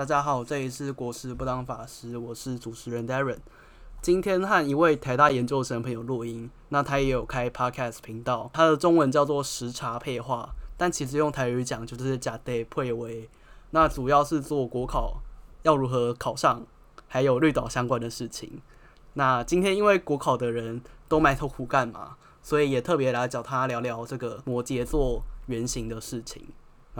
大家好，這裡是國師不當法師，我是主持人 Darren。今天和一位台大研究生朋友錄音，那他也有開 podcast 頻道，他的中文叫做食茶配話，但其實用台語講就是假 day 配位。那主要是做國考，要如何考上，還有綠島相關的事情。那今天因為國考的人都埋頭苦幹嘛，所以也特別來找他聊聊這個摩羯座原型的事情。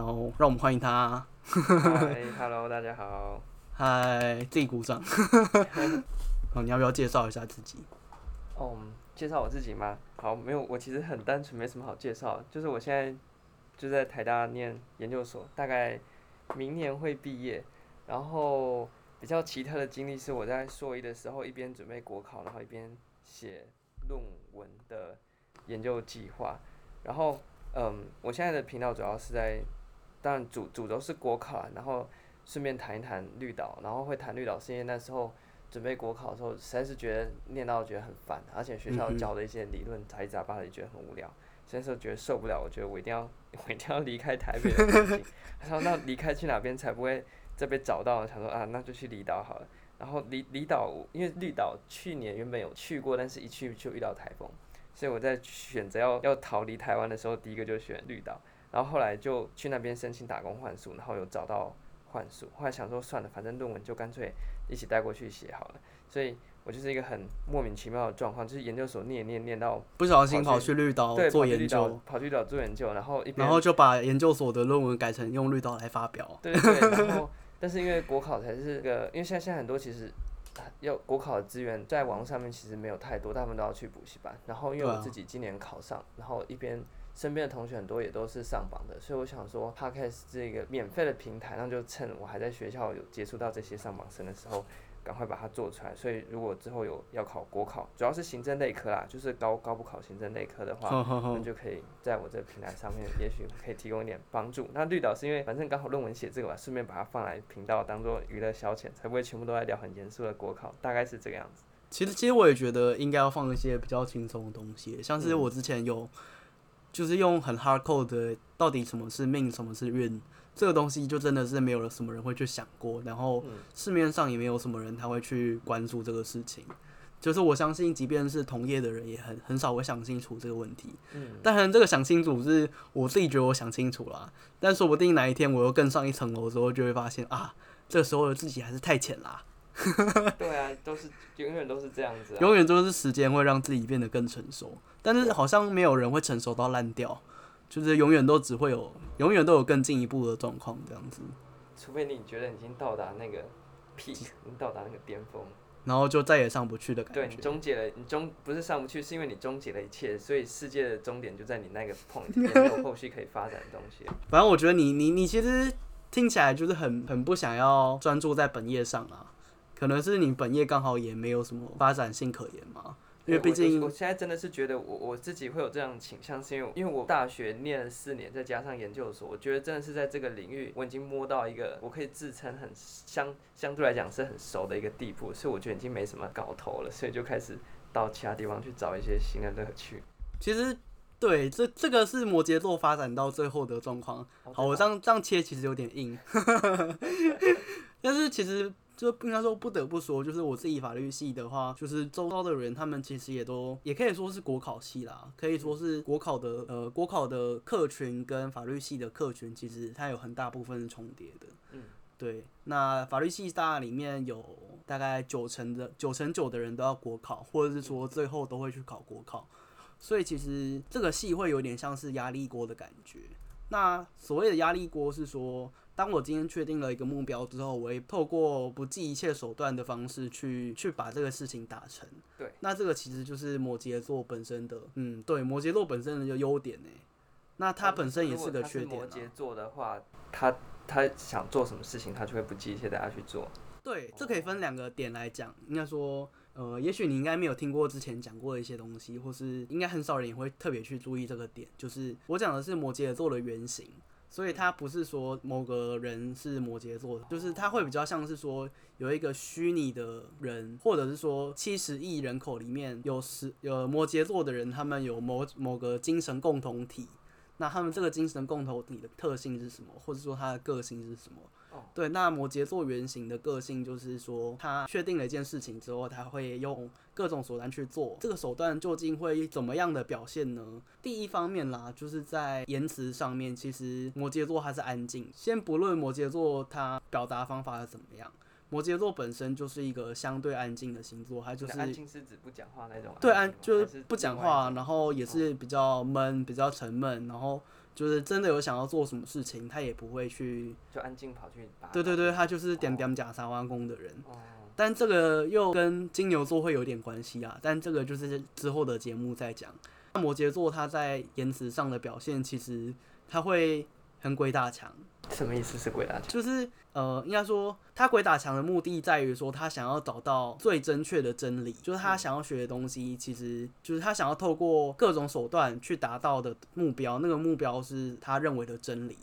然後讓我們歡迎他。Hi, Hello, 大家好。Hi, 這自己鼓掌。啊 oh, 你要不要介紹一下自己？哦，um, 介紹我自己嗎？好，沒有，我其實很單純，沒什麼好介紹。就是我現在就在台大念研究所，大概明年會畢業。然後比較奇特的經歷是，我在碩一的時候一邊準備國考，然後一邊寫論文的研究計劃。然後，嗯，我現在的頻道主要是在。但主主軸是國考、啊，然後順便談一談綠島，然後會談綠島，是因為那時候準備國考的時候，實在是覺得念到覺得很煩，而且學校教的一些理論、嗯、哼雜七雜八的也覺得很無聊，那時候覺得受不了，我覺得我一定要我一定要離開台北的環境。 然後那離開去哪邊才不會再被找到？想說啊，那就去離島好了。然後離離島，因為綠島去年原本有去過，但是一去就遇到台風，所以我在選擇要要逃離台灣的時候，第一個就選綠島。然後後來就去那邊申請打工換宿，然後有找到換宿。後來想說算了，反正論文就乾脆一起帶過去寫好了。所以我就是一個很莫名其妙的狀況，就是研究所念念念到不小心跑去綠島做研究，跑去綠島做研究，然後一邊，然後就把研究所的論文改成用綠島來發表。對對。 然後，但是因為國考才是一個，因為現在現在很多其實要國考的資源，在網絡上面其實沒有太多，大部分都要去補習班。然後因為我自己今年考上，啊、然後一邊。身邊的同學很多也都是上榜的，所以我想說 Podcast 這個免費的平台，那就趁我還在學校有接觸到這些上榜生的時候，趕快把它做出來。所以如果之後有要考國考，主要是行政類科啦，就是高高不考行政類科的話，那就可以在我這個平台上面，也許可以提供一點幫助。那綠島是因為反正剛好論文寫這個吧，順便把它放來頻道當做娛樂消遣，才不會全部都在聊很嚴肅的國考，大概是這個樣子。其實，其實我也覺得應該要放一些比較輕鬆的東西，像是我之前有、嗯。就是用很 hard code 的，到底什麼是命，什麼是運，這個東西就真的是沒有了，什麼人會去想過？然後市面上也沒有什麼人他會去關注這個事情。就是我相信，即便是同業的人，也很很少會想清楚這個問題。但當然這個想清楚是我自己覺得我想清楚啦。但說不定哪一天我又更上一層樓之後，就會發現啊，這個時候的自己還是太淺啦。 對啊，都是永遠都是這樣子啊，永遠都是時間會讓自己變得更成熟，但是好像沒有人會成熟到爛掉，就是永遠都只會有永遠都有更進一步的狀況這樣子，除非你覺得你已經到達那個 peak，已經 到達那個巔峰，然後就再也上不去的感覺，對，你終結了，你終不是上不去，是因為你終結了一切，所以世界的終點就在你那個 point，沒有後續可以發展的東西。 反正我覺得你你你其實聽起來就是很很不想要專注在本業上啊。可能是你本業剛好也沒有什麼發展性可言嘛？因為畢竟、欸、我，我現在真的是覺得我我自己會有這樣的傾向，是因為因為我大學念了四年，再加上研究所，我覺得真的是在這個領域我已經摸到一個我可以自稱很相相對來講是很熟的一個地步，所以我覺得已經沒什麼搞頭了，所以就開始到其他地方去找一些新的樂趣。其實，對，這這個是摩羯座發展到最後的狀況。Okay, 好，我這樣這樣切其實有點硬， 但是其實。就應該說不得不說，就是我自己法律系的話，就是周遭的人，他們其實也都也可以說是國考系啦，可以說是國考的呃國考的客群跟法律系的客群，其實它有很大部分是重疊的。嗯，對。那法律系大裡面有大概九成的九成九的人都要國考，或者是說最後都會去考國考，所以其實這個系會有點像是壓力鍋的感覺。那所謂的壓力鍋是說。當我今天確定了一個目標之後，我會透過不計一切手段的方式去去把這個事情達成。對，那這個其實就是摩羯座本身的，嗯，對，摩羯座本身的優點呢。那他本身也是個缺點啊。如果摩羯座的話，他他想做什麼事情，他就會不計一切代價去做。對，這可以分兩個點來講。應該說，呃，也許你應該沒有聽過之前講過的一些東西，或是應該很少人也會特別去注意這個點。就是我講的是摩羯座的原型。所以他不是說某個人是摩羯座的，就是他會比較像是說有一個虛擬的人，或者是說七十億人口裡面有十有摩羯座的人，他們有某某個精神共同體。那他們這個精神共同體的特性是什麼，或者說他的個性是什麼？對，那摩羯座原型的個性就是說，他確定了一件事情之後，他會用各種手段去做。這個手段究竟會怎麼樣的表現呢？第一方面啦，就是在言辭上面，其實摩羯座還是安靜。先不論摩羯座他表達方法是怎麼樣，摩羯座本身就是一個相對安靜的星座，他就是安靜獅子不講話那種。對，安就是不講話，然後也是比較悶，比較沉悶，然後。就是真的有想要做什麼事情，他也不會去，就安靜跑去拔拔。對對對，他就是惦惦吃三碗公的人。哦哦、但這個又跟金牛座會有點關係啊。但這個就是之後的節目再講。摩羯座他在言辭上的表現，其實他會很鬼打牆。什麼意思是鬼打牆？就是呃，應該說他鬼打牆的目的在於說他想要找到最正確的真理，就是他想要學的東西，其實就是他想要透過各種手段去達到的目標。那個目標是他認為的真理，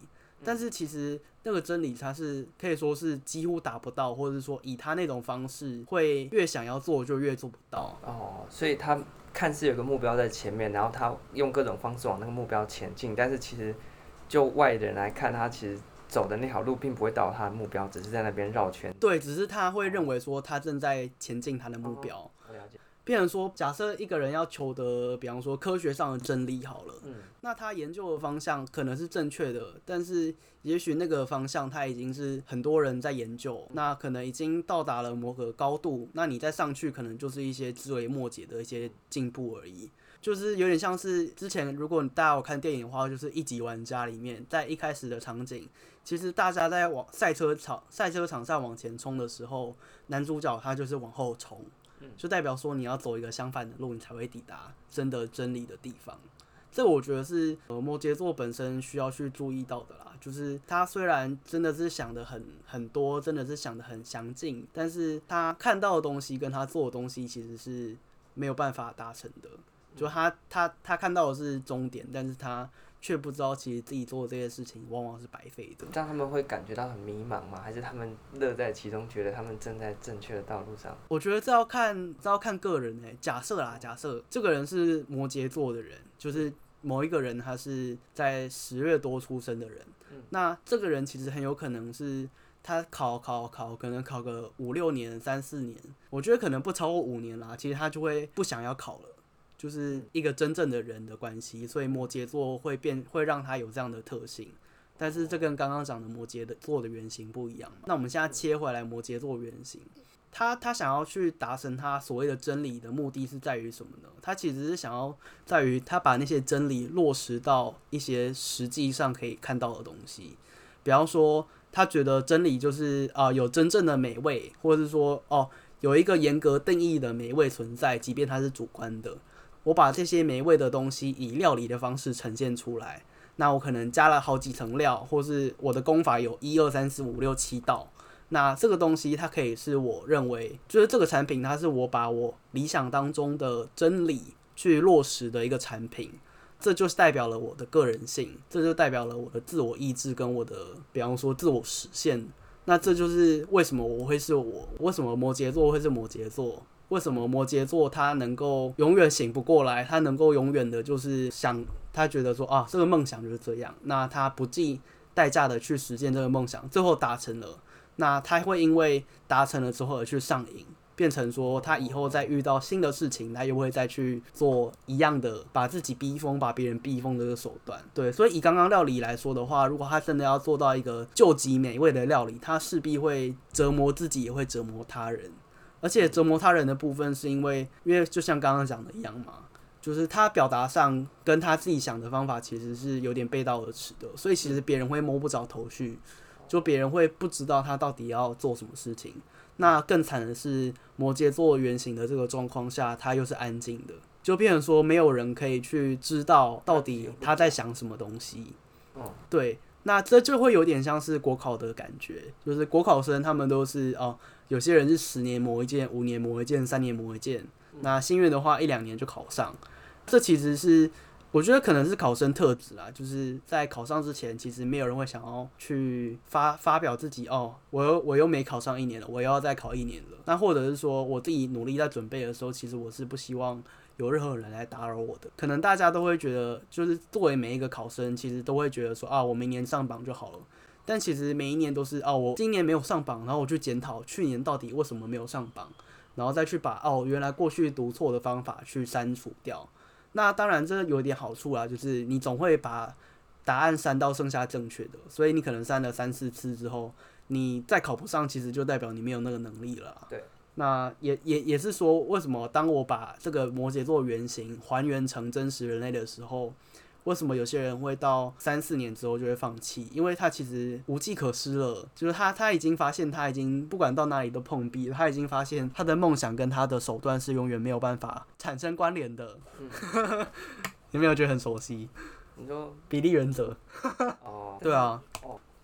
但是其實那個真理他是可以說是幾乎達不到，或者是說以他那種方式會越想要做就越做不到。哦，所以他看似有個目標在前面，然後他用各種方式往那個目標前進，但是其實就外人來看，他其實。走的那條路並不會到他的目標，只是在那邊繞圈。對，只是他會認為說他正在前進他的目標。哦，我了解。變成說假設一個人要求得，比方說科學上的真理好了，嗯，那他研究的方向可能是正確的，但是也許那個方向他已經是很多人在研究，那可能已經到達了某個高度，那你再上去可能就是一些枝微末節的一些進步而已。就是有點像是之前，如果你大家有看電影的話，就是《一級玩家》裡面，在一開始的場景，其實大家在往賽車場賽車場上往前衝的時候，男主角他就是往後衝，就代表說你要走一個相反的路，你才會抵達真的真理的地方。這我覺得是摩羯座本身需要去注意到的啦，就是他雖然真的是想得很很多，真的是想得很詳盡，但是他看到的東西跟他做的東西其實是沒有辦法達成的。就他他他看到的是終點，但是他卻不知道，其實自己做的這些事情往往是白費的。這樣他們會感覺到很迷茫嗎？還是他們樂在其中，覺得他們正在正確的道路上？我覺得這要看，這要看個人哎、欸，假設啦，假設這個人是摩羯座的人，就是某一個人，他是在十月多出生的人。那這個人其實很有可能是他考考考，可能考個五六年、三四年，我覺得可能不超過五年啦。其實他就會不想要考了。就是一個真正的人的關係，所以摩羯座會變，會讓他有這樣的特性。但是這跟剛剛講的摩羯的座的原型不一樣。那我們現在切回來，摩羯座原型，他他想要去達成他所謂的真理的目的是在於什麼呢？他其實是想要在於他把那些真理落實到一些實際上可以看到的東西，比方說，他覺得真理就是啊、呃、有真正的美味，或者是說哦有一個嚴格定義的美味存在，即便它是主觀的。我把這些美味的東西以料理的方式呈現出來，那我可能加了好幾層料，或是我的功法有一二三四五六七道，那這個東西它可以是我認為就是這個產品，它是我把我理想當中的真理去落實的一個產品，這就是代表了我的個人性，這就代表了我的自我意志跟我的，比方說自我實現，那這就是為什麼我會是我，為什麼摩羯座會是摩羯座。為什麼摩羯座他能夠永遠醒不過來？他能夠永遠的就是想，他覺得說啊，這個夢想就是這樣。那他不計代價的去實現這個夢想，最後達成了。那他會因為達成了之後而去上癮，變成說他以後再遇到新的事情，他又會再去做一樣的，把自己逼瘋，把別人逼瘋的這個手段。對，所以以剛剛料理來說的話，如果他真的要做到一個究極美味的料理，他勢必會折磨自己，也會折磨他人。而且折磨他人的部分是因為，因為就像剛剛講的一樣嘛，就是他表達上跟他自己想的方法其實是有點背道而馳的，所以其實別人會摸不着頭緒，就別人會不知道他到底要做什麼事情。那更慘的是摩羯座原型的這個狀況下，他又是安靜的，就變成說沒有人可以去知道到底他在想什麼東西。對。那這就會有點像是國考的感覺，就是國考生他們都是哦，有些人是十年磨一劍，五年磨一劍，三年磨一劍。那幸運的話，一兩年就考上。這其實是我覺得可能是考生特質啦，就是在考上之前，其實沒有人會想要去發發表自己哦，我又我又沒考上一年了，我又要再考一年了。那或者是說我自己努力在準備的時候，其實我是不希望。有任何人來打擾我的，可能大家都會覺得，就是作為每一個考生，其實都會覺得說啊、哦，我明年上榜就好了。但其實每一年都是啊、哦，我今年沒有上榜，然後我去檢討去年到底為什麼沒有上榜，然後再去把哦，原來過去讀錯的方法去刪除掉。那當然，這有一點好處啦，就是你總會把答案刪到剩下正確的，所以你可能刪了三四次之後，你再考不上，其實就代表你沒有那個能力了。對。那也也也是說，為什麼當我把這個摩羯座原型還原成真實人類的時候，為什麼有些人會到三四年之後就會放棄？因為他其實無計可施了，就是他他已經發現他已經不管到哪裡都碰壁，他已經發現他的夢想跟他的手段是永遠沒有辦法產生關聯的。有、嗯、 沒有覺得很熟悉？你說比例原則？哦、 對啊。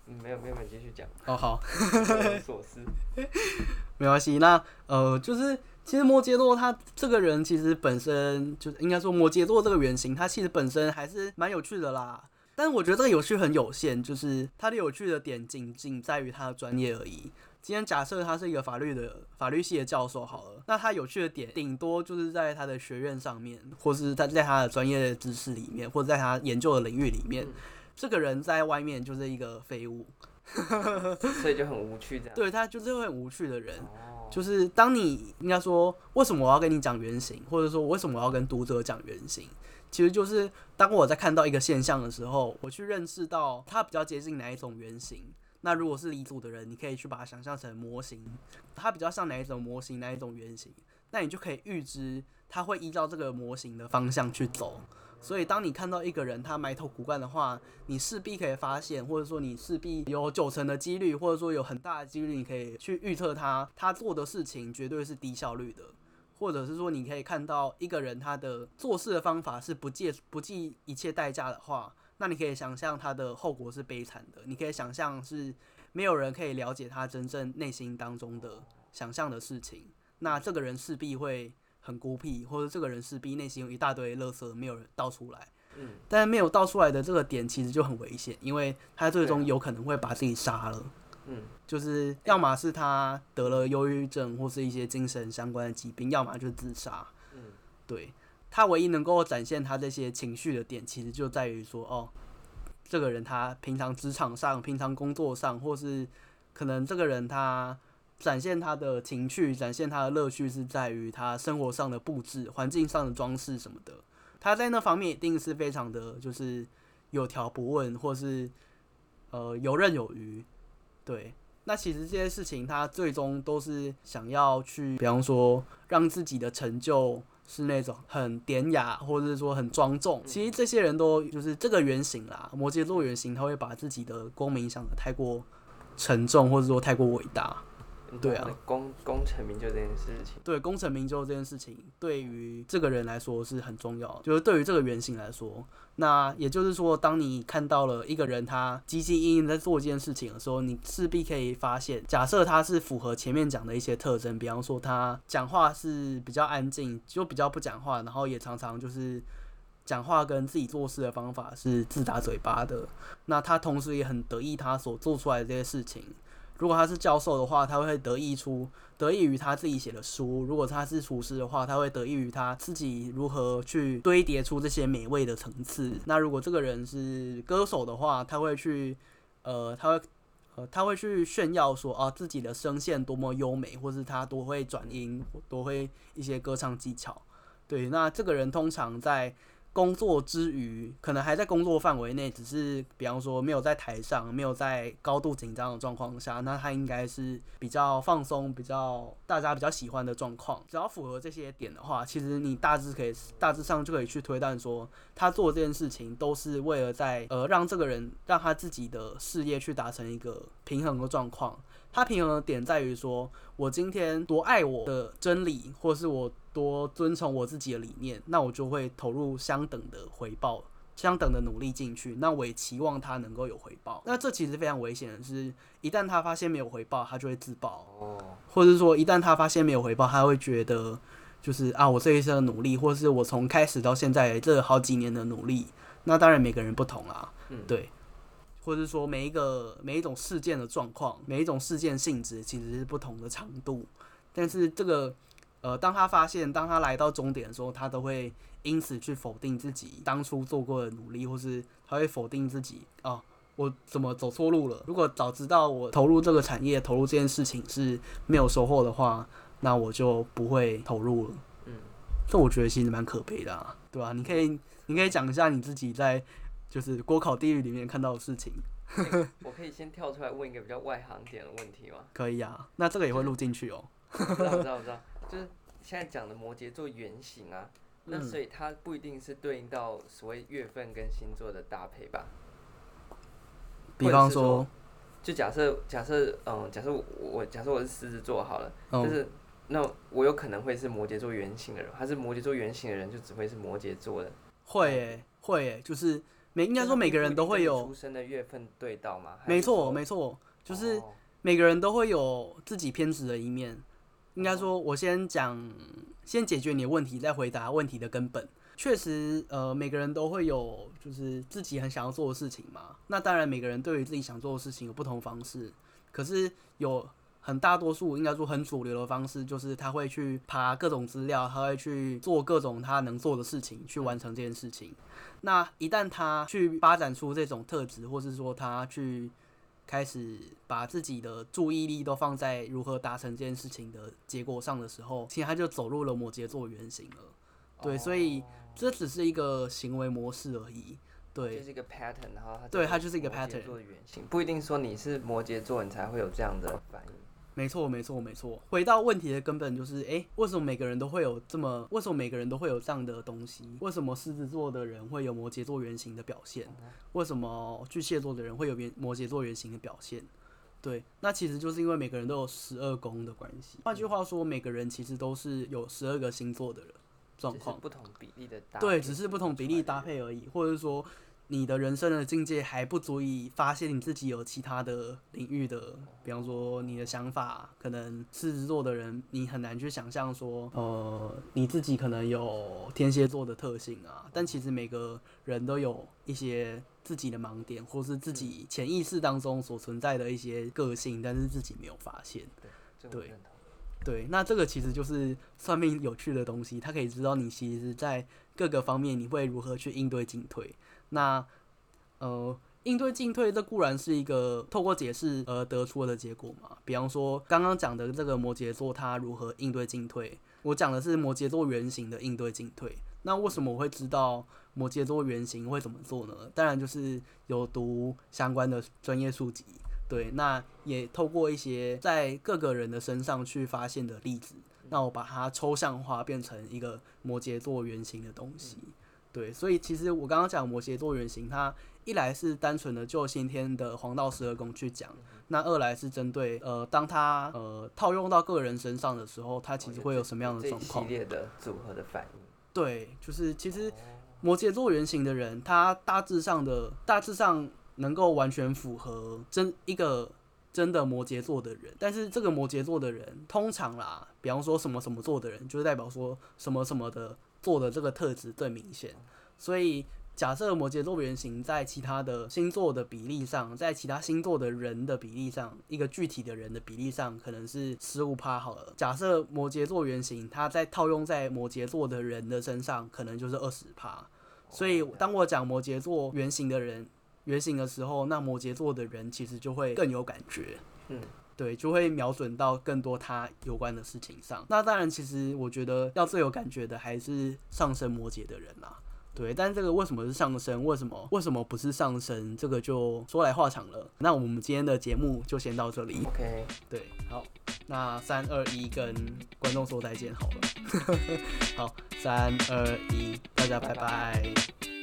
沒有沒有沒有，繼續講。哦，好，若有所思。沒關係，那呃，就是其實摩羯座他這個人其實本身，就是應該說摩羯座這個原型，他其實本身還是蠻有趣的啦。但是我覺得這個有趣很有限，就是他的有趣的點僅僅在於他的專業而已。今天假設他是一個法律的法律系的教授好了，那他有趣的點頂多就是在他的學院上面，或是在他的專業的知識裡面，或者在他研究的領域裡面。嗯這個人在外面就是一個廢物，所以就很無趣，這樣 對。對他就是會很無趣的人。哦、就是當你應該說，為什麼我要跟你講原型，或者說為什麼我要跟讀者講原型？其實就是當我在看到一個現象的時候，我去認識到他比較接近哪一種原型。那如果是理組的人，你可以去把它想象成模型，它比較像哪一種模型、哪一種原型，那你就可以預知他會依照這個模型的方向去走。所以，當你看到一個人他埋頭苦幹的話，你勢必可以發現，或者說你勢必有九成的幾率，或者說有很大的幾率，你可以去預測他他做的事情絕對是低效率的，或者是說你可以看到一個人他的做事的方法是不計不計一切代價的話，那你可以想象他的後果是悲慘的，你可以想象是沒有人可以了解他真正內心當中的想象的事情，那這個人勢必會。很孤僻，或者這個人是逼內心有一大堆樂色，沒有人倒出來。嗯，但是沒有倒出來的這個點其實就很危險，因為他最終有可能會把自己殺了。嗯，就是要麼是他得了憂鬱症或是一些精神相關的疾病，要麼就是自殺。嗯，對，他唯一能夠展現他這些情緒的點，其實就在於說，哦，這個人他平常職場上、平常工作上，或是可能這個人他。展現他的情趣，展現他的樂趣是在於他生活上的布置、環境上的裝飾什麼的。他在那方面一定是非常的，就是有條不紊，或是呃游刃有餘。對，那其實這些事情他最終都是想要去，比方說讓自己的成就是那種很典雅，或者是說很莊重。嗯、其實這些人都就是這個原型啦，摩羯座原型他會把自己的功名想得太過沉重，或者說太過偉大。嗯、對啊，功功成名就這件事情，對，功成名就這件事情，對於這個人來說是很重要。就是對於這個原型來說，那也就是說，當你看到了一個人他兢兢業業在做這件事情的時候，你勢必可以發現，假設他是符合前面講的一些特徵，比方說他講話是比較安靜，就比較不講話，然後也常常就是講話跟自己做事的方法是自打嘴巴的。那他同時也很得意他所做出來的這些事情。如果他是教授的話，他會得意出得意於他自己寫的書；如果他是廚師的話，他會得意於他自己如何去堆疊出這些美味的層次。那如果這個人是歌手的話，他會去，呃，他會，呃，他會去炫耀說啊，自己的聲線多麼優美，或是他多會轉音，多會一些歌唱技巧。對，那這個人通常在。工作之餘，可能還在工作範圍內，只是比方說沒有在台上，沒有在高度緊張的狀況下，那他應該是比較放鬆、比較大家比較喜歡的狀況。只要符合這些點的話，其實你大致可以、大致上就可以去推斷說，他做這件事情都是為了在呃讓這個人讓他自己的事業去達成一個平衡的狀況。他平衡的點在於說，我今天多愛我的真理，或是我多遵從我自己的理念，那我就會投入相等的回報、相等的努力進去。那我也期望他能夠有回報。那這其實非常危險的是，是一旦他發現沒有回報，他就會自爆；或者是說，一旦他發現沒有回報，他會覺得就是啊，我這一生的努力，或者是我從開始到現在這好幾年的努力，那當然每個人不同啦、啊。嗯、對。或者說每一個每一種事件的狀況，每一種事件性質其實是不同的長度。但是這個呃，當他發現當他來到終點的時候，他都會因此去否定自己當初做過的努力，或是他會否定自己啊，我怎麼走錯路了？如果早知道我投入這個產業，投入這件事情是沒有收穫的話，那我就不會投入了。嗯，這我覺得其實蠻可悲的啊，對吧？對啊，你可以你可以講一下你自己在。就是國考地獄裡面看到的事情、欸， 我可以先跳出來問一個比較外行點的問題嗎？可以啊，那這個也會錄進去哦、喔。我知道，我知，道我知道，就是現在講的摩羯座原型啊，嗯、那所以它不一定是對應到所謂月份跟星座的搭配吧？比方說，說，就假設假設嗯，假設、呃、我，我假設我是獅子座好了，就、哦、是那我有可能會是摩羯座原型的人，還是摩羯座原型的人就只會是摩羯座的，會誒、欸、會誒、欸，就是。沒應該說每個人都會有出生的月份對到嗎？沒錯，沒錯，就是每個人都會有自己偏執的一面。應該說，我先講，先解決你的問題，再回答問題的根本。確實，呃，每個人都會有就是自己很想要做的事情嘛。那當然，每個人對於自己想做的事情有不同方式。可是有。很大多數，應該說很主流的方式，就是他會去爬各種資料，他會去做各種他能做的事情去完成這件事情。那一旦他去發展出這種特質，或是說他去開始把自己的注意力都放在如何達成這件事情的結果上的時候，其實他就走入了摩羯座原型了。對，所以這只是一個行為模式而已。對，就是一個 pattern，然後對，他就是一個 pattern。摩羯座的原型不一定說你是摩羯座，你才會有這樣的反應。沒錯，沒錯，沒錯。回到問題的根本就是，誒、欸，為什麼每個人都會有這麼，為什麼每個人都會有這樣的東西？為什麼獅子座的人會有摩羯座原型的表現？嗯、為什麼巨蟹座的人會有摩摩羯座原型的表現？對，那其實就是因為每個人都有十二宮的關係。換、嗯、句話說，每個人其實都是有十二個星座的人狀況，不同比例的搭對，只是不同比例搭配而已，或者是說。你的人生的境界還不足以發現你自己有其他的領域的，比方說你的想法，可能獅子座的人你很難去想象說，呃，你自己可能有天蠍座的特性啊。但其實每個人都有一些自己的盲點，或是自己潛意識當中所存在的一些個性，但是自己沒有發現。對對，那這個其實就是算命有趣的東西，他可以知道你其實在各個方面你會如何去應對進退。那呃，應對進退，這固然是一個透過解釋而得出的結果嘛。比方說，剛剛講的這個摩羯座，它如何應對進退，我講的是摩羯座原型的應對進退。那為什麼我會知道摩羯座原型會怎麼做呢？當然就是有讀相關的專業書籍，對。那也透過一些在各個人的身上去發現的例子，那我把它抽象化，變成一個摩羯座原型的東西。對，所以其實我剛剛講摩羯座原型，它一來是單純的就先天的黃道十二宮去講，那二來是針對呃，當他呃套用到個人身上的時候，他其實會有什麼樣的狀況？系列的組合的反應。對，就是其實摩羯座原型的人，他大致上的大致上能夠完全符合真一個真的摩羯座的人，但是這個摩羯座的人通常啦，比方說什麼什麼座的人，就是代表說什麼什麼的。做的這個特質最明顯，所以假設摩羯座原型在其他的星座的比例上，在其他星座的人的比例上，一個具體的人的比例上可能是十五趴。好了，假設摩羯座原型，它在套用在摩羯座的人的身上，可能就是二十趴。所以當我講摩羯座原型的人原型的時候，那摩羯座的人其實就會更有感覺。嗯。對，就會瞄準到更多他有關的事情上。那當然，其實我覺得要最有感覺的還是上升摩羯的人啦。對，但這個為什麼是上升？為什麼？為什麼不是上升？這個就說來話長了。那我們今天的節目就先到這裡。OK，對，好，那三二一，跟觀眾說再見好了。 好，三二一，大家拜拜。拜拜。